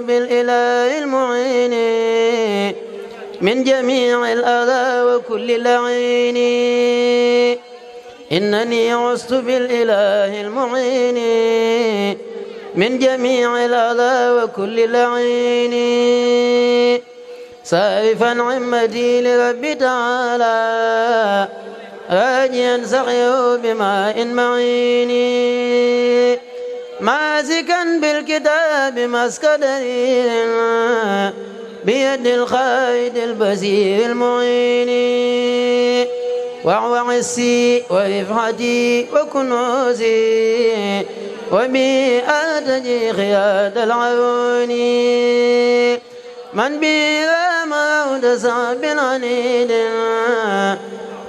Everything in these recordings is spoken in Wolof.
بالإله المعين من جميع الأذى وكل لعين إنني عزت بالإله المعين من جميع الأذى وكل لعين سائفا عمتي لرب تعالى راجيا سقيه بماء معين ماسكا بالكتاب مسك دليل بيد الخالد البصير المعين وهو عسي ورفعتي وكنوزي وبي أرتجي خياد العيون من بي موت صعب عنيد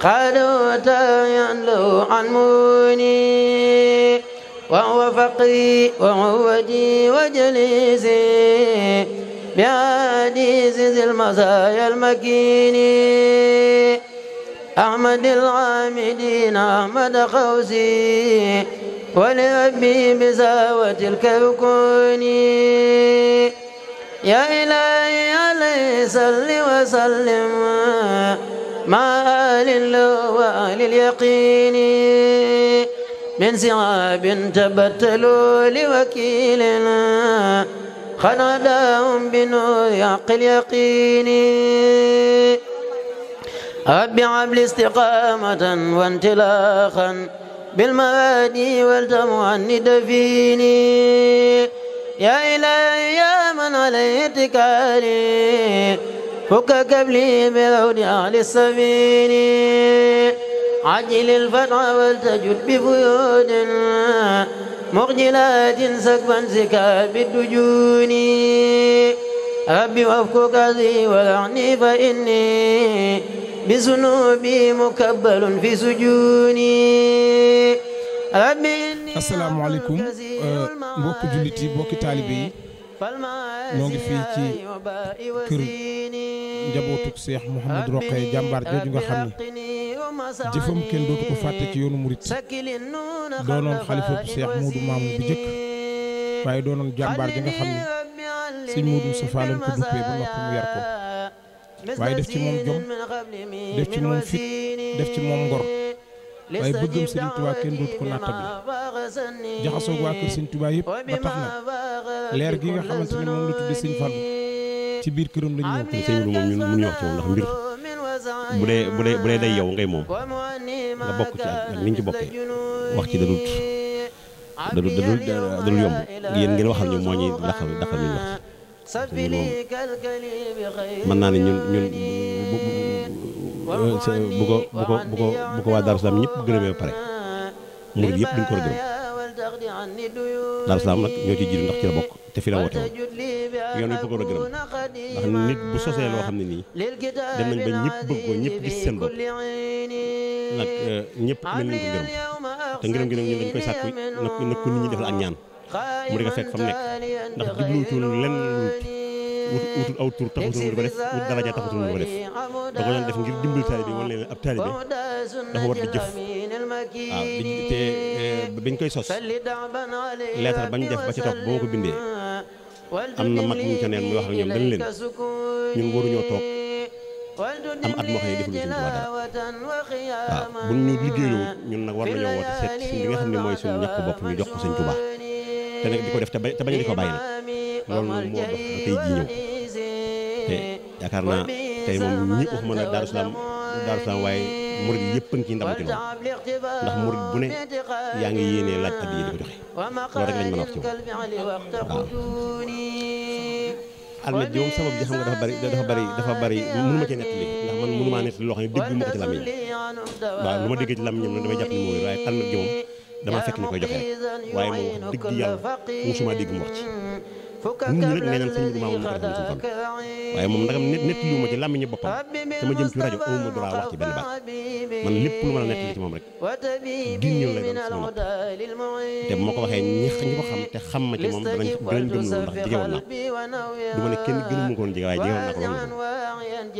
قالوا تايا له عن موني وهو فقري وعودي وجليسي بعديس ذي المزايا المكين أحمد العامدين أحمد خوسي ولأبي بزاوة الكوكون يا إلهي عليه صل وسلم مع آل الله وآل اليقين من صعاب تبتلوا لوكيلنا خناداهم بنور عقل يقيني رب عبل استقامة وانطلاقا بالموادي والتمعند فيني يا إلهي يا من عليه اتكالي فك كبلي بعود أهل السفيني عجل الفتح والتجد بفيود مخجلات سكبا سكا بالدجون ربي وفكك ذي ولعني فإني بذنوبي مكبل في سجوني ربي إني asalaamaaleykum mbokki jullit yi mbokki taalibe yi noo ngi fii ci kër njabootuk Seex Mouhamadou Rokhaya jàmbaar jooju nga xam ne jëfam kenn dootu ko fàtte ci yoonu murit doonoon xalifa bu seex Moodu Maamu bu jëkk waaye doonoon jàmbaar ji nga xam ne sëñ Moodu Mustafaa lañ ko duppee ba noppi mu yar ko waaye def ci moom jom def ci moom fit def ci moom ngor waaye bëggam sëriñ Tuubaa kenn dootu ko natta bi jaxasoo waa kër sëñ Tuubaa yëpp ba tax gi nga xamante ne moom la ci biir këram la ñu ñëw. sëñ bi wax ndax mbir. bu dee bu dee bu dee day yow ngay moomu nga bokk ci ak ni ñu ci bokkee wax ci dadut dadut dadut dadut yomb ngi ngeen waxal ñu moo ñuy daxal daxal ñu wax mën naa ne ñu ñun bu ko bu ko bu ko bu ko waa Darou Salaam ñëpp gërëmee ba pare murid yëpp duñ ko gërëm Daaru Salaam nag ñoo ci jiitu ndax ci la bokk te fi la woote woon yoon wi bëggoon a gërëm ndax nit bu sosee loo xam ba ñëpp bëgg ñëpp gis seen bopp nag euh, ñëpp mel nañ ko gërëm te ngërëm gi nag ñun dañ koy sàkku nag ko nit ñi ak ñaan mu di ko fekk fa nekk ndax jubluwu lenn wut wutul aw tur taxutoon di ko def wut daraja taxutoon di ko def da ko doon def ngir dimbali taalibe wala ab taalibe dafa war di jëf biñ koy sos lettre bañ def ba ñu topp ba ma ko bindee am na mag ñu ca neen muy wax ak dañ leen ñun waruñoo toog am at moo xam ne defuñu suñu ñun nag war nañoo woote seet suñ li xam ne mooy suñu ñàkk bopp ñu jox ko Sëñ Tuubaa te nag di ko def te bañ di ko bàyyi nag loolu moom moo dox ba tey jii te yaakaar naa tey moom ñëpp waxuma na Daaru Salaam waaye murid yëpp a ngi ciy ndamati loolu ndax murid bu ne yaa ngi yéenee laaj yi di ko joxe loolu rek a wax ci moom almet bi moom sabab ji xam nga dafa bari dafa bari dafa bari mënu ma cee nettali ndax man mënu maa nettali loo xam ne déggu ma waaw lu ma déggee ci làmmiñam nag damay jàpp ni mooy waaye almet gi damaa fekk ñu koy joxe rek waaye moom wax dëgg yàlla musuma dégg mu wax ci ñun ñu nee nañ sëñ bi maamu mu dara sëñ Fallu waaye moom nagam net net lu ma ci làmmiñu boppam sama jëm ci rajo amu ma droit wax ci benn baat man lépp lu ma la nettali ci moom rek gin ñëw lay doon sama nopp te moo ko waxee ñi ñi ko xam te xam ma ci moom danañ danañ gëm loolu ndax jegewoon naa ko du ma ne kenn gënu ma ko woon jege waaye jegewoon naa ko loolu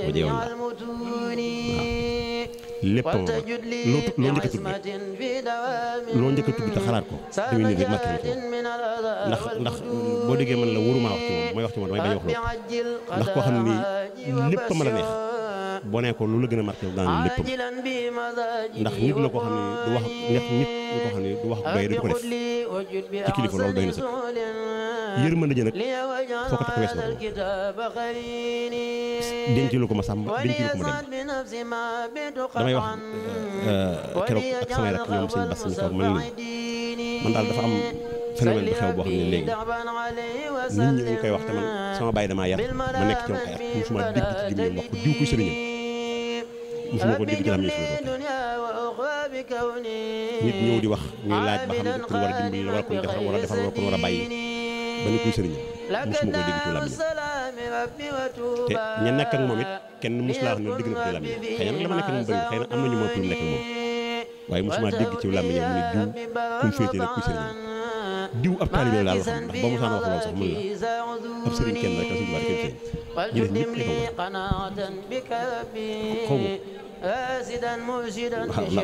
ma jegewoon naa ko waaw lépp a woo loo njëkk a tudd loo njëkk a te xalaat ko dama ñëw rek màkk na ndax ndax mm, boo déggee man la wóoruma wax ci moom mooy wax ci moom damay bañ loolu ndax koo xam ni lépp a mën neex. bone ko lu la gën a marqué dans lépp ndax nit la ko xam ne du wax nekk nit la ko xam ne du wax doy du ko def ci kilifa loolu doy na sax yërmande ji nag foo ko takk wees na ko denc lu ko ma sàmm denc lu ko ma dem damay wax euh, euh, keroog ak samay rakk ñoom sëñ Bass ñu toog man man daal dafa am phénomène bu xew boo xam ne léegi nit ñu koy wax te man sama bay damaa yar ma nekk ci wax ay at musuma dégg ci jëm wax ko diw ko sëriñam nit ñëw di wax ñuy laaj ba xam ne ku war a dimbali ku ñu a bàyyi ba ni kuy sëriñam ci lam te moom it kenn mus laa wax ne dégg na ko ci lam xëy na am na ñu ma pour nekk moom waaye musuma dégg ci lam ñoom mu ne diw ku mu féetee nag kuy sëriñam diw ab taalibe la daal ba mu saan wax lool sax mën la ab sëriñ kenn rek a suñu barke kenn sëriñ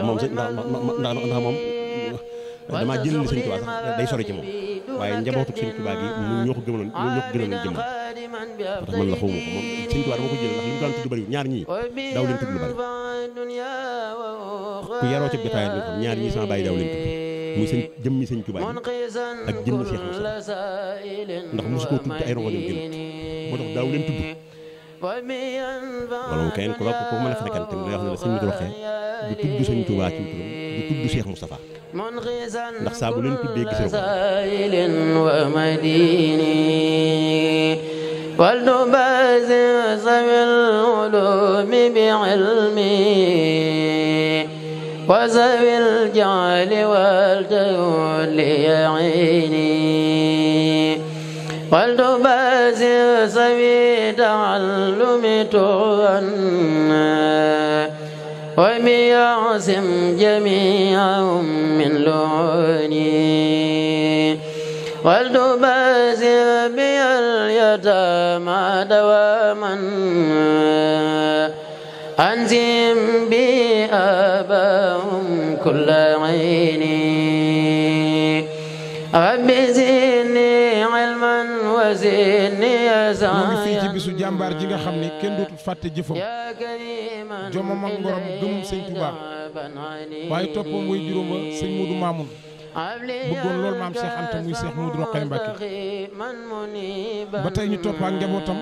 moom ndax moom damaa jël li sëñ Tuubaa sax day sori ci moom waaye njabootu sëñ Tuubaa gi ñoo ko gënoon ñoo ko gënoon jëmm ndax man la xaw ma ko moom sëñ Tuubaa dama ko jël ndax li mu daan tudd bari ñaar ñii daaw leen tudd lu bari ku yaroo ci ñaar ñii sama bàyyi daaw muy sëñ jëmmi sëñ Tuubaa ak jëmmi Cheikh Moussa ndax mosu koo tudd ay rongoñam gënut moo tax daaw leen tudd wala mu keneen ku ko mën a fréquenté tamit wax na la sëñ bi waxee du tudd sëñ Tuubaa ci turam du tudd Cheikh Moustapha ndax saa bu leen tuddee gis nga ولنبازغ ذوي العلوم بعلمي وذوي الجعل والجول ليعيني ولتبازر سبي تعلم تغنى وبيعصم جميعا من لعوني ولتبازر بي اليتامى دواما أنزم بي أبا عيني رب زدني علما وزدني يسعا fii ci bisu jàmbaar ji nga xam ne kenn dootul fàtte jëfam jomam ak ngorom gëmum sëñ Tuubaa waaye toppam way juróom ba sëñ Moodu Maamun bëggoon loolu maam Cheikh Anta muy Cheikh Moodu Rokhaya Mbacké ba tey ñu topp njabootam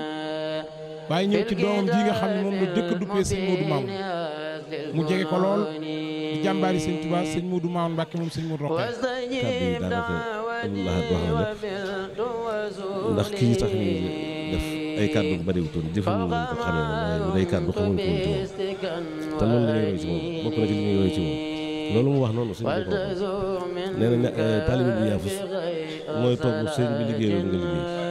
waaye ñëw ci doomam ji nga xam ne moom la dëkk duppee Maamun mu jege ko lool di jàmbaari sëñ Tuubaa sëñ Muudu Maawoon Mbàkke moom sëñ Muudu Roqee kàddu yi daanaka Allah ndax kii tax ñu def ay kàddu bu bariwutoon jëfam nañ ko xamee moom waaye day kàddu xamuñ ko woon te noonu la ñuy roy ci moom bokk na ci li ñuy roy ci moom loolu mu wax noonu sëñ bi ko nee na eh, taalibe bu yaafus mooy toog sëñ bi liggéeyaloon nga liggéey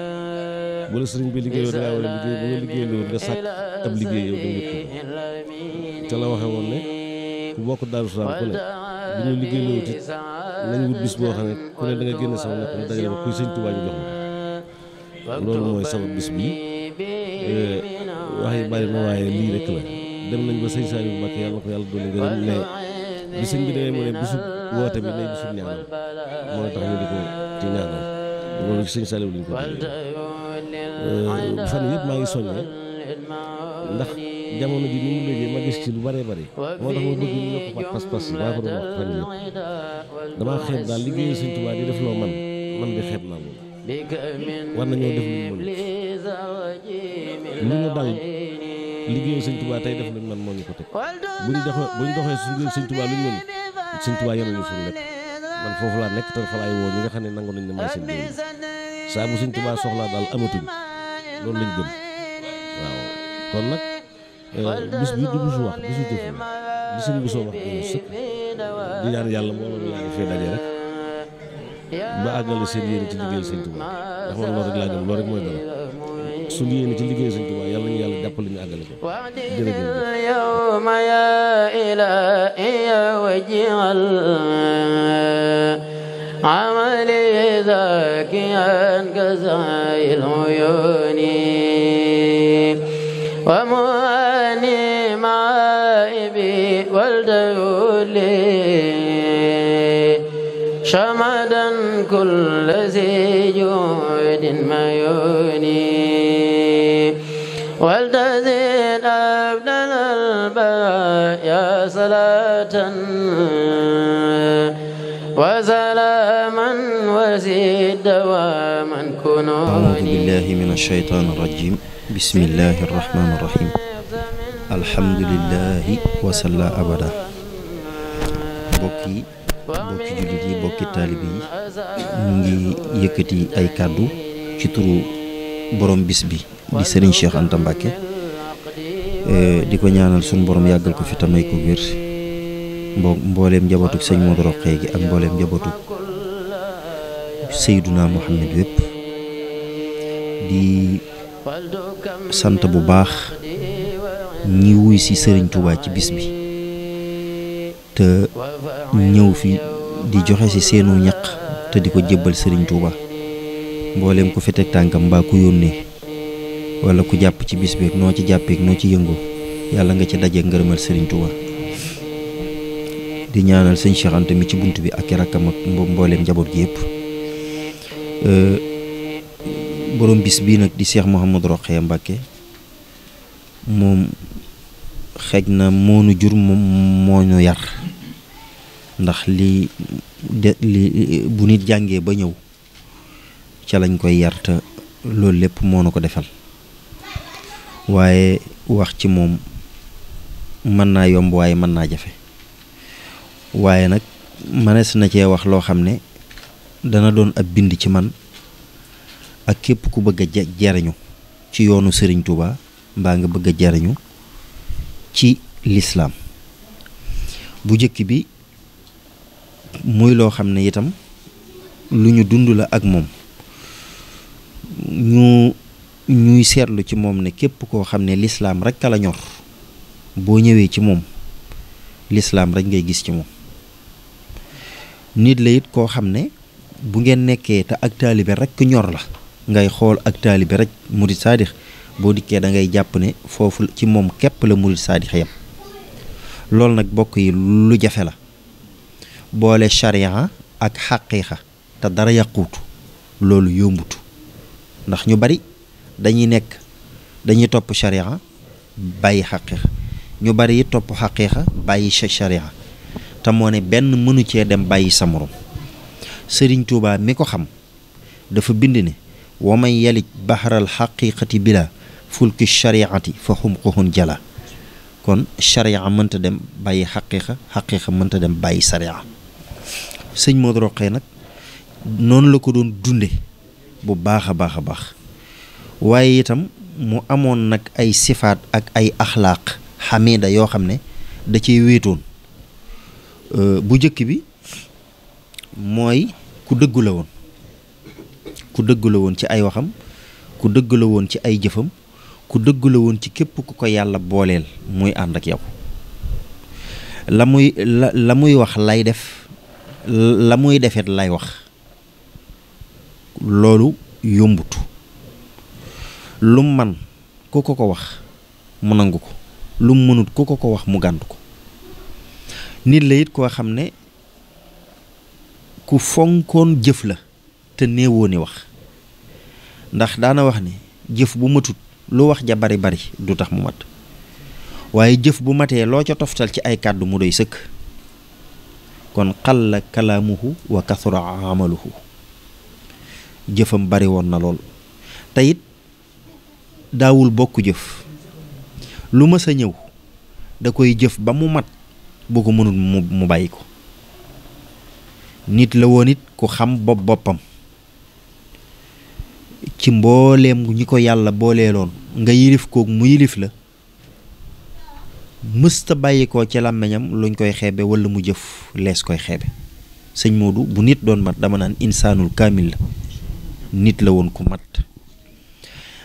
wala sëriñ bi liggéeyoon ngaa war a liggéey bu nga liggéey loolu nga sàkk ab liggéey yow da nga ko te la waxee woon ne ku bokk Daaru Salaam ku ne bu liggéey loolu it nañ wut bis boo xam ne ku ne da nga génne sama noppi dajale ko kuy sëñ Tuubaa ñu jox ma loolu mooy sabab bis bi eh, wax yi na waaye lii rek la dem nañ ba sëñ Saliou Mbacké yàlla na ko yàlla doon gërëm ne bi sëñ bi demee woote bi nay bisu ñaanal mooy tax ñu di ko ci ñaanal loolu sëñ eh, maa ngi soññee jamono ji ni mu léegi ma gis ci lu bëree bëri moo tax ma bëgg ñu yokk ko pas-pas yi daa ko doon wax fan yii damaa xeeb daal liggéeyu di def loo man man di xeeb naa loolu war nañoo def lu mu mën lu ñu dal liggéeyu Sëñ Tuubaa tey def lu man moo ko teg bu ñu doxee bu ñu doxee suñu Sëñ Tuubaa lu ñu mën Sëñ Tuubaa yéen ñu suñu lépp man foofu laa nekk te fa laay woo ñi ne nangu nañ ne may seen biir saa bu Sëñ soxlaa daal amatuñ loolu lañ gëm waaw kon nag Euh, bis bi du bisu wax bisu jëf li suñu bisoo wax dana sëkk di ñaan yàlla mbooloo mi yaa ngi fee daje rek ba àggale seen yéene ci liggéey sëñ Tuubaa ndax man loolu rek laa gëm loolu rek mooy dara suñu yéene ci liggéey sëñ Tuubaa yàlla ñu yàlla jàppale ñu àggale ko jërëjëf yawma ya ilahiya wajal amali zakiyan kazayil uyuni والدولي شمدا كل ذي جود ميوني والتزد أبدل الباء يا صلاة وسلاما وزد دواما كنوني أعوذ بالله من الشيطان الرجيم بسم الله الرحمن الرحيم alhamdulilahi wasalla abada bokki bokki jullit yi bokki taalib yi ñu ngi yëkkati ay kàddu ci turu borom bis bi di sëriñ Cheikh Anta e, di ko ñaanal suñu borom yàggal ko fi tamay ko wér mbo mbooleem njabootug sëñ Modou Rokhaya gi ak mbooleem njabootug Seyduna Muhammad wépp di sant bu baax ñi wuy ci sëriñ Touba ci bis bi te ñëw fi di joxe si seenu ñaq te di ko jébbal sëriñ Touba mbooleem ku fi teg tànkam mbaa ku yónnee wala ku jàpp ci bis bi noo ci jàppeek noo ci yëngoo yàlla nga ci dajeek ngërëmal Serigne Touba di ñaanal sëñ Cheikh Anta ci bunt bi ak i rakkam ak mbooleem njaboot gi yëpp euh, borom bis bii nag di Cheikh Mouhamadou Rokhaya Mbacké moom xeej na moonu jur moom moo ñu yar ndax li de li bu nit jàngee ba ñëw ca lañ koy yar loolu lépp moo nu ko defal waaye wax ci moom mën naa yomb waaye mën naa jafe waaye nag mënees na cee wax loo xam ne dana doon ab bind ci man ak képp ku bëgg a jariñu ci yoonu Serigne Touba mbaa nga bëgg jariñu ci lislaam bu jëkk bi muy loo xam ne itam lu ñu dund la ak moom ñu ñuy seetlu ci moom ne képp koo xam ne lislaam rekk a la ñor boo ñëwee ci moom lislaam rekk ngay gis ci moom nit la it koo xam ne bu ngeen nekkee te ak taalibe rekk ñor la ngay xool ak taalibe rekk murid saadix boo dikkee da ngay jàpp ne foofu ci moom képp la murit saadix yam loolu nag bokk yi lu jafe la boole charia ak xaqiiqa te dara yàqutu loolu yombutu ndax ñu bari dañuy nekk dañuy topp charia bàyyi xaqiiqa ñu bari topp xaqiiqa bàyyi charia te moo ne benn mënu cee dem bàyyi sa moroom sëriñ Tuubaa mi ko xam dafa bind ne wa man yalij bahral xaqiiqati bila fulki shariati fa xumquhun jala kon sharia mënta dem bàyyi xaqiqa xaqiqa mënta dem bàyyi sharia sëñ Modou Rokhaya nag noonu la ko doon dunde bu baax a baax a baax waaye itam mu amoon nag ay sifaat ak ay axlaaq xamida yoo xam ne da ciy wéetoon bu jëkk bi mooy ku dëggu la woon ku dëggu la woon ci ay waxam ku dëggu la woon ci ay jëfam ku dëgg la woon ci képp ku ko yàlla booleel muy ànd ak yow la muy la la muy wax lay def la muy defet lay wax loolu yombut lu man ku ko ko wax mu nangu ko lu mënut ku ko ko wax mu gàntu ko nit la it koo xam ne ku fonkoon jëf la te néewoo ni wax ndax daana wax ni jëf bu matut lu wax ja bari bari du tax mu mat waaye jëf bu matee loo ca toftal ci ay kàddu mu doy sëkk kon xalla kalaamuhu wa kathura amaluhu jëfam bari woon na lool te daawul bokk jëf lu mës a ñëw da koy jëf ba mu mat bu ko mënul mu bàyyi ko nit la woon it ku xam bopp boppam ci mbooleem ñi ko yàlla booleeloon nga yilif koog mu yilif la mësta bàyyi ko ci làmmiñam luñ koy xeebe wala mu jëf lees koy xeebe sëñ Modou bu nit doon mat dama naan insaanul kaamil la nit la woon ku mat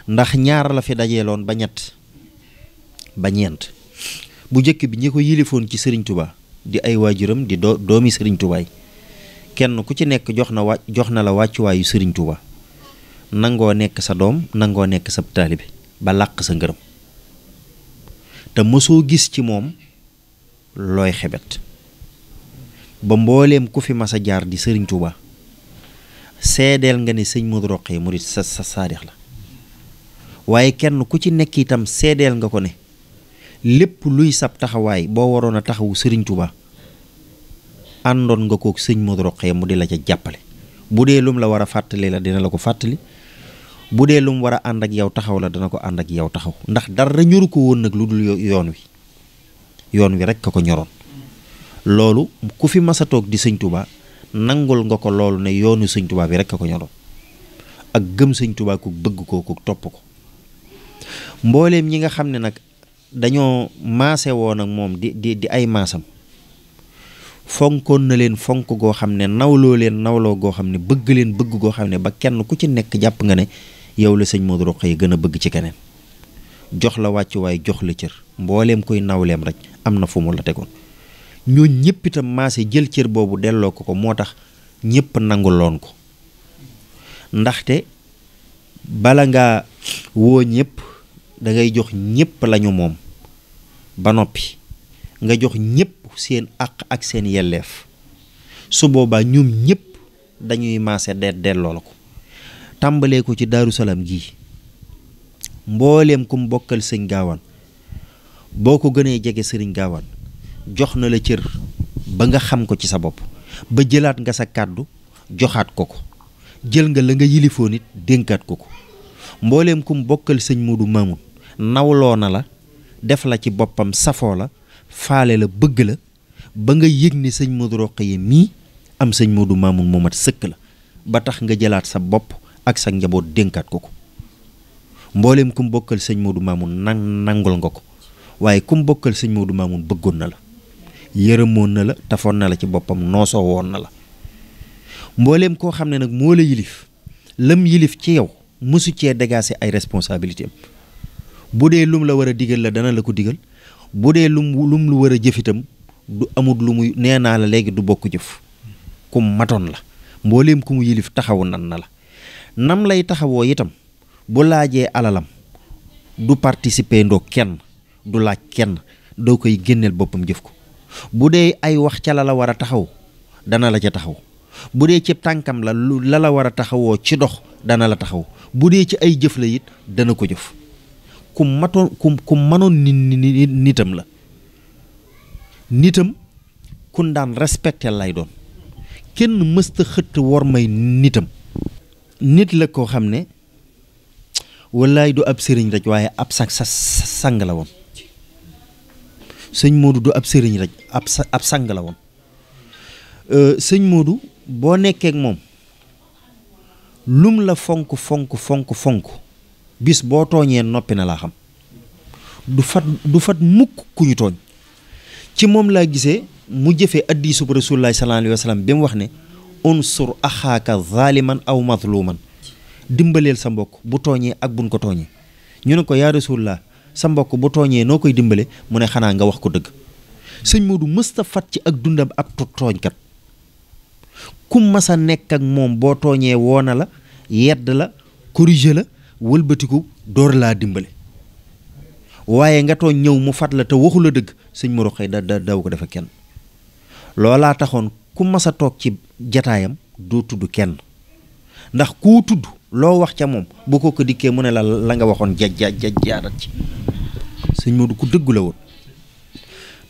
ndax ñaar la fi dajeeloon ba ñett ba ñeent bu njëkk bi ñi ko yilifoon ci sëriñ Touba di ay waajuram di doomi sëriñ Touba kenn ku ci nekk jox na la wàccuwaayu sëriñ Touba nangoo nekk sa doom nangoo nekk sa taalibe ba làq sa ngërëm te mosoo gis ci moom looy xebet ba mbooleem ku fi mas a jaar di sëriñ Tuuba seedeel nga ne sëñ Modou Rokhaya murit sa sa saadix la waaye kenn ku ci nekk itam seedeel nga ko ne lépp luy sab taxawaay boo waroon a taxawu sëriñ Tuuba àndoon nga kook sëñ Modou Rokhaya mu di la ca jàppale bu dee lum la war a fàttali la dina la ko fàttali bu dee lum war a ànd ak yow taxaw la dana ko ànd ak yow taxaw ndax dara ñoru ko woon nag lu dul yoon wi yoon wi rek a ko ñoroon loolu ku fi mas a toog di sëñtubaa tubaa nangul nga ko loolu ne yoonu sëñ bi rek a ko ñoroon ak gëm sëñ tubaa ku bëgg ko ku topp ko mbooleem ñi nga xam ne nag dañoo maase woon ak moom di di di ay maasam fonkoon na leen fonk goo xam ne nawloo leen nawloo goo xam ne bëgg leen bëgg goo xam ne ba kenn ku ci nekk jàpp nga ne yow la sëñ Modou Rokhaya gën a bëgg ci keneen jox la wàccuwaay jox la cër mbooleem koy nawleem rek am na fu mu la tegoon ñooñ ñëpp itam maase jël cër boobu delloo ko ko moo tax ñëpp loon ko ndaxte bala ngaa woo ñëpp dangay jox ñëpp lañu moom ba noppi nga jox ñëpp seen àq ak seen yelleef su boobaa ñoom ñépp dañuy maase deet delloo la ko tàmbalee ko ci Daaru Salaam gii mbooleem kum bokkal sëñ gaawaan boo ko gënee jege sëriñ gaawaan jox na la cër ba nga xam ko ci sa bopp ba jëlaat nga sa kàddu joxaat ko ko jël nga la nga yilifoon nit dénkaat ko ko mbooleem kum bokkal sëñ Moodu Maamun nawloo na la def la ci boppam safoo la faale la bëgg la ba nga yëg ni sëñ Modou Rokhaya mii am sëñ Modou Mamoun moo mat sëkk la ba tax nga jëlaat sa bopp ak sa njaboot dénkaat ko ko mbooleem ku mu bokkal sëñ Modou Mamoun nang nangul nga ko waaye ku mu bokkal sëñ Modou Mamoun bëggoon na la yërëmoon na la tafoon na la ci boppam noosoo woon na la mbooleem koo xam ne nag moo la yilif lam yilif ci yow mësu cee dégaase ay responsabilité bu dee lum la war a digal la dana la ko digal bu dee lu lum lu war a jëfitam du amut lu muy nee naa la léegi du bokk jëf ku matoon la mbooleem ku mu yilif taxawu nan na la nam lay taxawoo itam bu laajee alalam du participer ndoo kenn du laaj kenn doo koy génneel boppam jëf ko bu dee ay wax ca la la war a taxaw dana la ca taxaw bu dee ci tànkam la la la war a taxawoo ci dox dana la taxaw bu dee ci ay jëf la it dana ko jëf ku matoon ku ku mënoon nit nit nitam la nitam kun daan respecté lay doon kenn mësta xëtt war may nitam nit la koo xam ne wallaay du ab sëriñ rek waaye ab sa sa sang la woon sëñ Modou du ab sëriñ rek ab sa sang la woon euh, sëñ Modou boo nekkee moom lum la fonk fonk fonk fonk bis boo tooñee noppi na laa xam du fat du fat mukk ku tooñ ci moom laa gisee mu jëfe addiisub rasulillahi sallallahu alayhi wa sallam bi mu wax ne unsur axaaka zaliman aw mazluman dimbaleel sa mbokk bu tooñee ak buñ ko tooñee ñu ne ko yaa rasulullah sa mbokk bu tooñee noo koy dimbale mu ne xanaa nga wax ko dëgg sëñ Modou mësta fat ci ak dundam ab tooñkat ku masa nekk ak moom boo tooñee woona la yedd la corrigé la wëlbatiku dóor laa dimbali waaye nga tooñ ñëw mu fat la te waxula dëgg sëñ Moro xëy da daw ko dafa kenn loolaa taxoon ku mas a toog ci jataayam doo tudd kenn ndax ku tudd loo wax ca moom bu ko ko dikkee mu ne la la nga waxoon ja ja ja jaarat ci sëñ Modou ku dëggu woon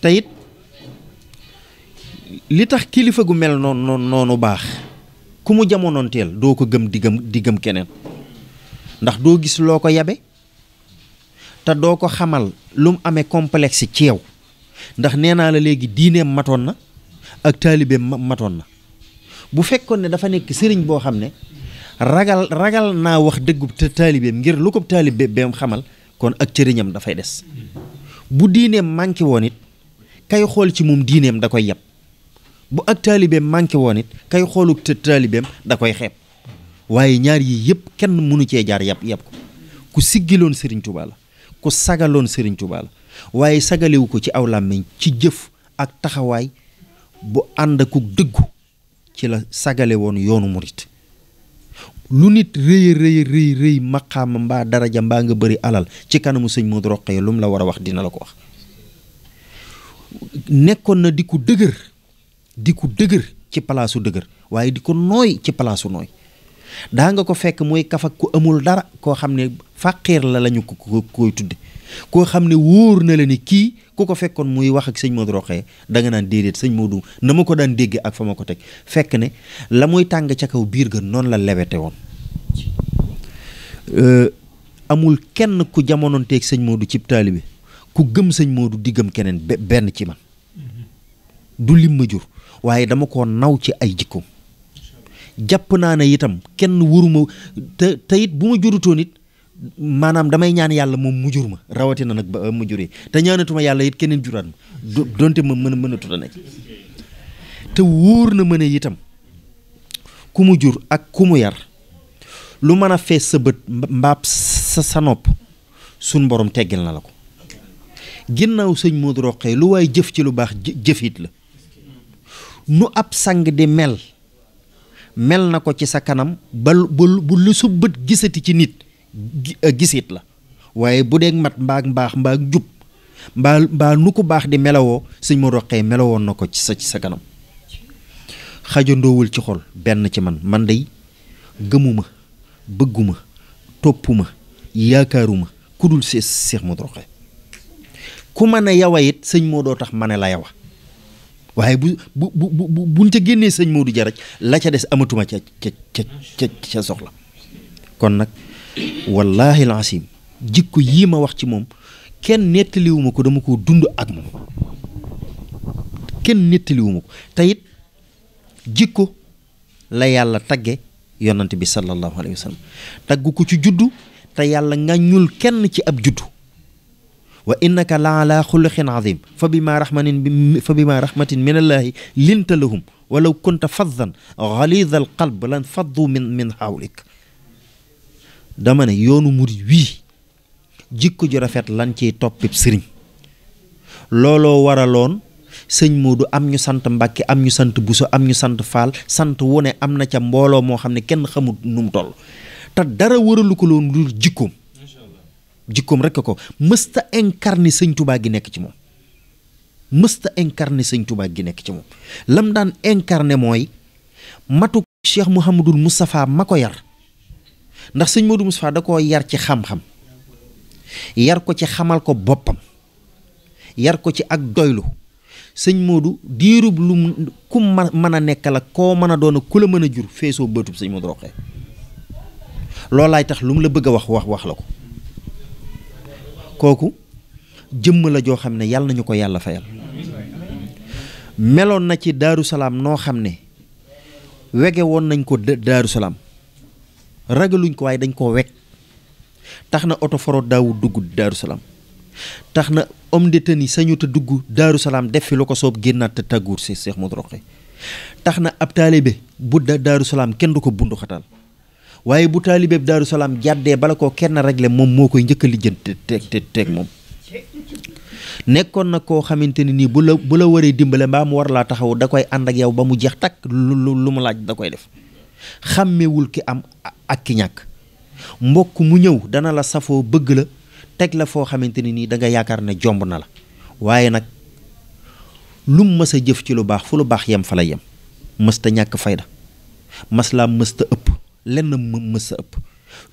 te it li tax kilifa gu mel noonu noonu baax ku mu jamonoonteel doo ko gëm di gëm di gëm keneen ndax doo gis loo ko yabe te doo ko xamal lu mu amee complexe ci yow ndax nee naa la léegi diineem matoon na ak taalibeem matoon na bu fekkoon ne dafa nekk sëriñ boo xam ne ragal ragal naa wax dëggub taalibeem ngir lu ko taalibeem xamal kon ak cëriñam dafay des bu diineem manqué woon it kay xool ci moom diineem da koy yab bu ak taalibeem manqué woon it kay xoolu taalibeem da koy xeeb waaye ñaar yii yëpp kenn mënu cee jaar yàpp yàpp ko ku siggiloon Serigne Touba ku sagaloon Serigne Touba waaye sagalewu ko ci aw làmmiñ ci jëf ak taxawaay bu ànd ak dëggu ci la sagale woon yoonu murit lu nit rëy rëy rëy rëy mbaa daraja mbaa nga bari alal ci kanamu sëñ Modou Rokhaya lu mu la war a wax dina la ko wax nekkoon na di ko dëgër di ko dëgër ci palaasu dëgër waaye di ko nooy ci palaasu nooy daa nga ko fekk muy kaf ku amul dara koo xam ne fàqiir la lañu ñu ko koy tudde koo xam ne wóor na la ni kii ku ko fekkoon muy wax ak sëñ Modou Rokhaya da nga naan déedéet sëñ Modou na ma ko daan dégge ak fa ma ko teg fekk ne la muy tàng ca kaw biir ga noonu la lewete woon euh, amul kenn ku jamononteeg sëñ Modou cib taalibe ku gëm sëñ Modou di gëm keneen benn ci man mm-hmm. du lim ma jur waaye dama ko naw ci ay jikkoom jàpp naa ne itam kenn wuruma te te bu ma jurutoon it maanaam damay ñaan yàlla moom mu jur ma rawatina nag ba mu juree te ñaanatuma yàlla it keneen juraat ma do donte ma mën a mën a tuta nekk te wóor na ma ne itam ku mu jur ak ku mu yar lu mën a fees sa bët mbaab sa sa nopp suñ borom teggil na la ko ginnaaw sëñ Modou Rokhaya lu waaye jëf ci lu baax jëfit la nu ab sang di mel mel na ko ci sa kanam ba bu lu su bët gisati ci nit euh, gisit la waaye bu dee mat mbaag mbaax mbaag jub mbaa mbaa nu ko baax di melawoo suñ ma roqee melowoon na ko ci sa sa kanam xajandoowul ci xol benn ci man man day gëmuma bëgguma toppuma yaakaaruma ku dul sees ma mu roqee ku ma ne yawa it sëñ moo doo tax ma ne la yawa waaye bu bu bu bu buñ ca génnee sëñ Modou Diarra la ca des amatuma ca ca ca soxla kon nag wallaahi laasim jikko yii ma wax ci moom kenn nettaliwuma ko dama ko dund ak moom kenn nettaliwuma ko te jikko la yàlla tagge yonante bi sallallahu alayhi wa sallam tagg ko ci juddu te yàlla nga ñuul kenn ci ab juddu wa innaka la ala xuluqin azim fa bima rahmanin fa bima rahmatin min allaahi linta konta walaw kunta faddan xalida al qalb lan faddu min min hawlik dama ne yoonu murid wii jikko ju rafet lan ciy toppib sëriñ looloo waraloon sëñ Moodu am ñu sant Mbàkke am ñu sant Buso am ñu sant Faal sant wu ne am na ca mbooloo moo xam ne kenn xamut nu mu te dara waralu ko loon dul jikkoom jikkoom rekk ko mësta incarné sëñ tubaa gi nekk ci moom mësta incarné sëñ tubaa gi nekk ci moom lam daan incarné mooy matu cheikh mouhamadul moustapha ma ko yar ndax sëñ Modou Moustapha da koo yar ci xam-xam yar ko ci xamal ko boppam yar ko ci ak doylu sëñ Modou diirub lu ku ma mën a nekk la koo mën a doon ku la mën a jur feesoo bëtub sëñ Modou loolu laay tax lu mu la bëgg a wax wax wax la ko kooku jëmm la joo xam ne yàlla nañu ko yàlla fayal meloon na ci daaru salaam noo xam ne wege woon nañ ko daaru salaam ragaluñ ko waaye dañ koo weg tax na oto foro daawul dugg daaru salaam tax na homme de tenue sañu te dugg daaru salaam def fi lu ko soob génnaat te tàgguur si Cheikh Modou Rokhaya tax na ab taalibe bu daaru salaam kenn du ko bunduxataal waaye bu taalibeeb daaru salaam jàddee bala koo kenn réglé moom moo koy njëkk a lijjanti teeg teeg teeg moom nekkoon na koo xamante ne nii bu la bu la waree dimbale mbaa mu war laa taxaw da koy ànd ak yow ba mu jeex takk lu lu mu laaj da koy def xàmmewul ki am ak ki ñàkk mbokk mu ñëw dana la safoo bëgg la teg la foo xamante ne nii da yaakaar ne jomb na la waaye nag lu mës a jëf ci lu baax fu lu baax yem fa la yem mësta ñàkk fayda maslaam mësta ëpp lenn mu mës sa ëpp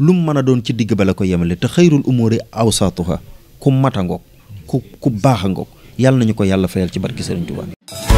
lu mu mën a doon ci digg ba la ko yemale te xayrul umuri awsaatuha ku mat a ngoog ku ku baax a ngoog yàlla nañu ko yàlla fayal ci barki Sëriñ Tuubaa